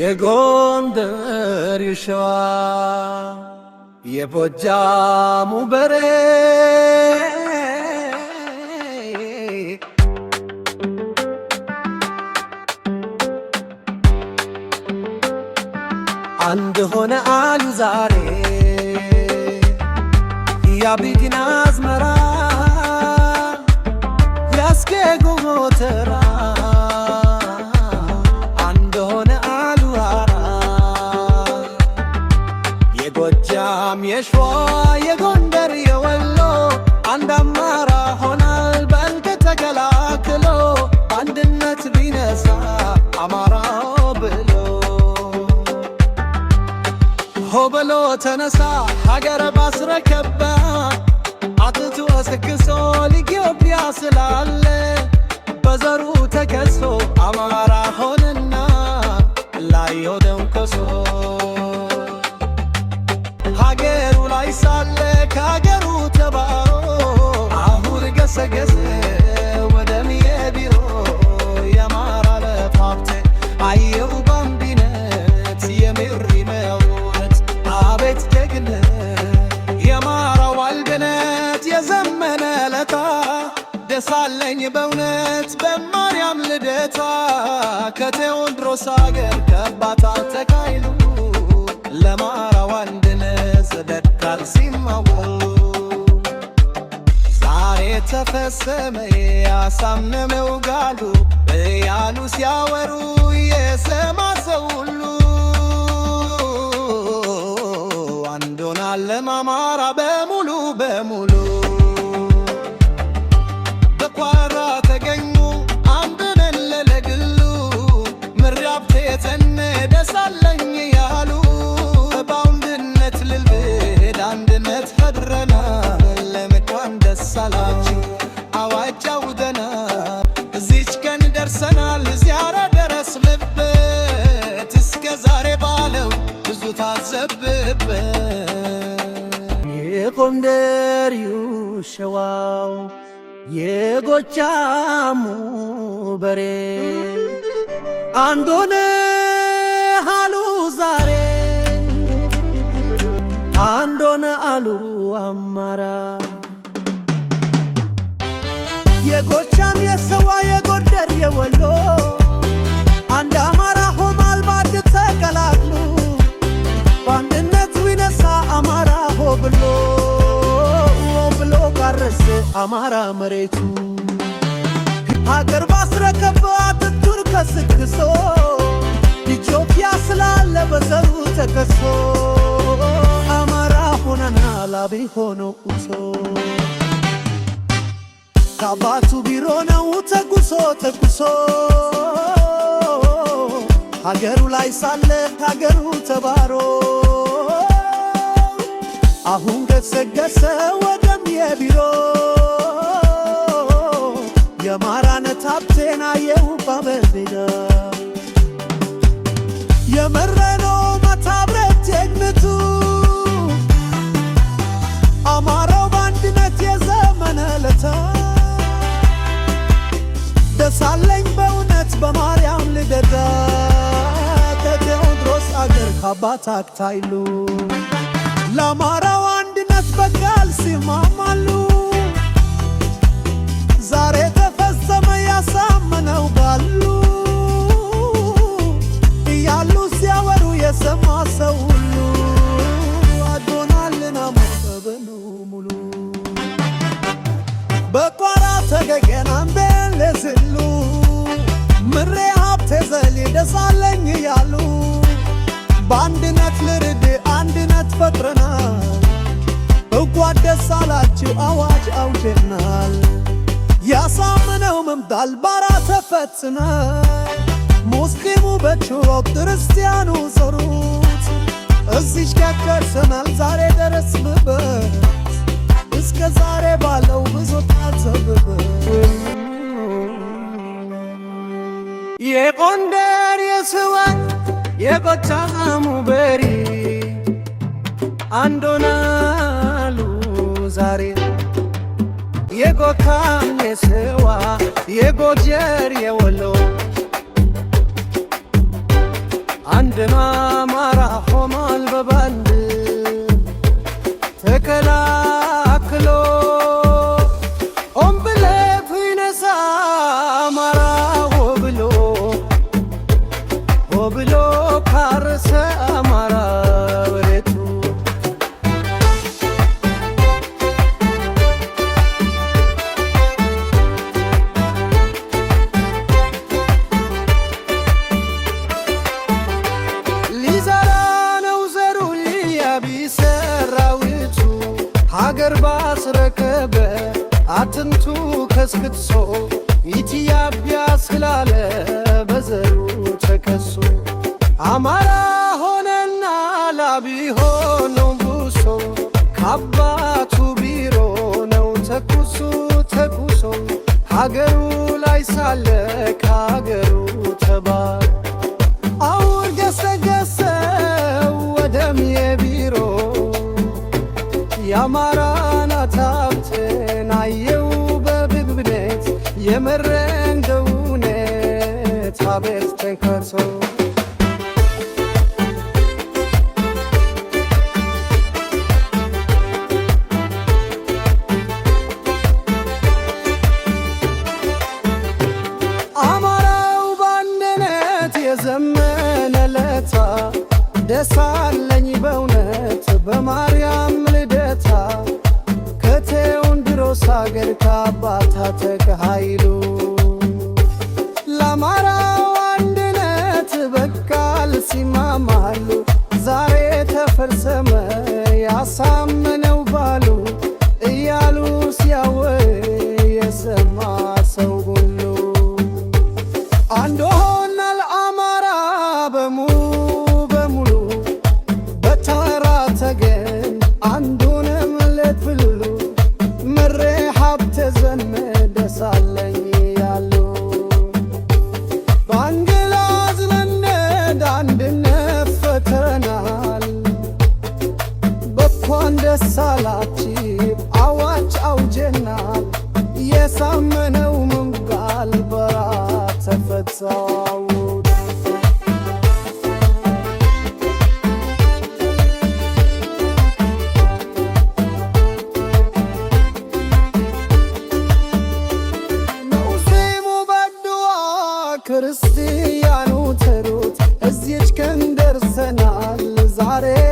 የጎንደር የሸዋ የጎጃሙ በሬ አንድ ሆነ አሉ ዛሬ የአብዲን አዝመራ ያስጌ ጎተራ የጎጃም የሸዋ የጎንደር የወሎ አንድ አማራ ሆናል በእልክ ተከላክሎ አንድነት ቢነሳ አማራው ብሎ ሆበሎ ተነሳ ሀገረ ባስረከባ አጥቶ አስክሶ ኢትዮጵያ ስላለ በዘሩ ተከሶ አማራ ሆነና ላይ ደንከሶ ከአገሩ ተባሮ አሁር ገሰገሰ ወደምየ ቢሮ የማራ ለፋብቴ አየው ባንዲነት የምሪ መውነት አቤት ደግነት የማራው አልገነት የዘመነ ለታ ደሳለኝ በእውነት በማርያም ልደታ ከቴዎድሮስ አገር ገባታ ተካ ሲማው ዛሬ ተፈጸመ ያሳመመው ጋሉ እያሉ ሲያወሩ የሰማ ሰው ሁሉ በሙሉ በሙሉ በኳራ ተገኙ አንድነን ለለግሉ ደሳለኝ ያሉ ዛሬ ባለው ብዙ ታዘብበት የጎንደሪው ሸዋው የጎጃሙ በሬ አንድ አሉ ዛሬ አንድ አሉ አማራ የጎጃም የሸዋ የጎንደር የወሎ አማራ መሬቱ ሀገር ባስረከባት ቱር ከስክሶ ኢትዮጵያ ስላለ በዘሩ ተከሶ አማራ ሆነናል አቤ ሆኖ ቁሶ ከአባቱ ቢሮ ነው ተጉሶ ተጉሶ ሀገሩ ላይ ሳለ ሀገሩ ተባሮ አሁን ገሰገሰ ወደም የቢሮ የማራነት ሀብቴን አየሁ ባበሜዳ የመረኖ መታብረት ጀግንቱ አማራው በአንድነት የዘመነ ለታ ደሳለኝ በእውነት በማርያም ልደታ ከቴዎድሮስ አገር ከአባት አክታይሉ ለአማራው አንድነት በቃል ሲማማሉ ዛሬ አሳመነው ባሉ እያሉ ሲያወሩ የሰማ ሰው ሁሉ አዶናልና መጠበኑ ሙሉ በቋራ ተገገናን ቤሌዝሉ ምሬ ሀብቴ ዘሌ ደሳለኝ እያሉ በአንድነት ልርድ አንድነት ፈጥረናል። እጓ ደስ አላችሁ አዋጅ አውጀናል። ያሳምነው መምዳል ባራ ተፈትነ ሙስሊሙ በችሮ ክርስቲያኑ ጸሩት እዚች ከከርሰናል ዛሬ ደረስንበት እስከ ዛሬ ባለው ብዙ ታዘብበት የጎንደር የስዋን የጎጃሙ በሪ አንዶናሉ ዛሬ የጎታም የስዋ የጎጀር የወሎ አንድና አማራ ሆኗል በባንድ ተከላክሎ ኦም ብለቱ ይነሳ አማራ ሆብሎ ሆብሎ ካርሰ አማራ ሀገር ባስረከበ አጥንቱ ከስክትሶ ኢትዮጵያ ስላለ በዘሩ ተከሶ አማራ ሆነና ላቢ ሆኖ ንጉሶ ከአባቱ ቢሮ ነው ተኩሱ ተኩሶ ሀገሩ ላይ ሳለ ከሀገሩ ተባ የአማራናት ሀብትን አየው በብግ ብነት አቤት በአንድነት የዘመነ ለታ ደሳለኝ በእውነት በማርያም ከሀገር ከአባታት ከኃይሉ ለአማራው አንድነት በቃል ሲማማሉ ዛሬ ተፈርሰመ ያሳም ደስ አላችሁ አዋጅ አውጀና የሳመነው ምንቃል በራ ተፈታው ክርስቲያኑ ትሩት እዚች ቀን ደርሰናል ዛሬ